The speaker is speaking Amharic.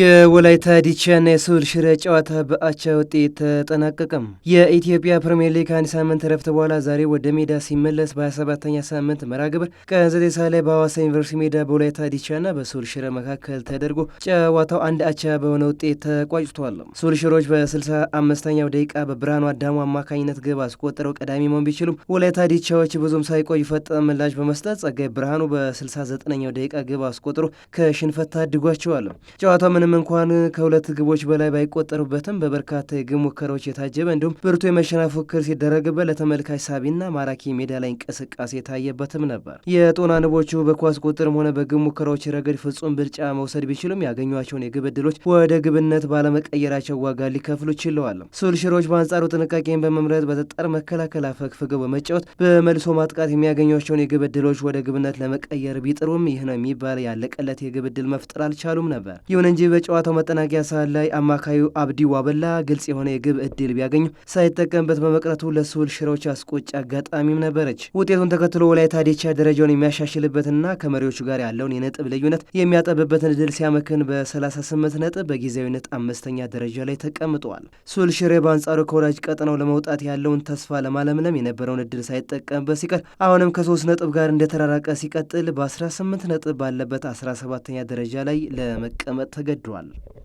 የወላይታ ዲቻና የሶል ሽረ ጨዋታ በአቻ ውጤት ተጠናቀቀም። የኢትዮጵያ ፕሪምየር ሊግ ከአንድ ሳምንት ረፍት በኋላ ዛሬ ወደ ሜዳ ሲመለስ በ27ኛ ሳምንት መርሃ ግብር ቀን ሰዓት ላይ በሐዋሳ ዩኒቨርሲቲ ሜዳ በወላይታ ዲቻና በሶል ሽረ መካከል ተደርጎ ጨዋታው አንድ አቻ በሆነ ውጤት ተቋጭቷል። ሶል ሽሮች በ65ኛው ደቂቃ በብርሃኑ አዳሙ አማካኝነት ግብ አስቆጥረው ቀዳሚ መሆን ቢችሉም ወላይታ ዲቻዎች ብዙም ሳይቆዩ ፈጣን ምላሽ በመስጠት ጸጋይ ብርሃኑ በ69ኛው ደቂቃ ግብ አስቆጥሮ ከሽንፈት ታድጓቸዋል። ጨዋታው ምንም እንኳን ከሁለት ግቦች በላይ ባይቆጠሩበትም በበርካታ የግብ ሙከራዎች የታጀበ እንዲሁም ብርቱ የመሸነፍ ፉክክር ሲደረግበት ለተመልካች ሳቢና ማራኪ ሜዳ ላይ እንቅስቃሴ የታየበትም ነበር። የጦና ንቦቹ በኳስ ቁጥርም ሆነ በግብ ሙከራዎች ረገድ ፍጹም ብልጫ መውሰድ ቢችሉም ያገኟቸውን የግብ እድሎች ወደ ግብነት ባለመቀየራቸው ዋጋ ሊከፍሉ ችለዋል። ሱልሽሮች በአንጻሩ ጥንቃቄን በመምረጥ በጠጠር መከላከል አፈግፍገው በመጫወት በመልሶ ማጥቃት የሚያገኟቸውን የግብ እድሎች ወደ ግብነት ለመቀየር ቢጥሩም ይህ ነው የሚባል ያለቀለት የግብ እድል መፍጠር አልቻሉም ነበር። ይሁን እንጂ በጨዋታው መጠናቂያ ሰዓት ላይ አማካዩ አብዲ ዋበላ ግልጽ የሆነ የግብ እድል ቢያገኝ ሳይጠቀምበት በመቅረቱ ለሱል ሽሬዎች አስቆጭ አጋጣሚም ነበረች። ውጤቱን ተከትሎ ወላይታ ዲቻ ደረጃውን የሚያሻሽልበትና ከመሪዎቹ ጋር ያለውን የነጥብ ልዩነት የሚያጠብበትን እድል ሲያመክን በ38 ነጥብ በጊዜያዊነት አምስተኛ ደረጃ ላይ ተቀምጠዋል። ሱል ሽሬ በአንጻሩ ከወዳጅ ቀጠናው ለመውጣት ያለውን ተስፋ ለማለምለም የነበረውን እድል ሳይጠቀምበት ሲቀር አሁንም ከሶስት ነጥብ ጋር እንደተራራቀ ሲቀጥል በ18 ነጥብ ባለበት 17 ተኛ ደረጃ ላይ ለመቀመጥ ተገድ 1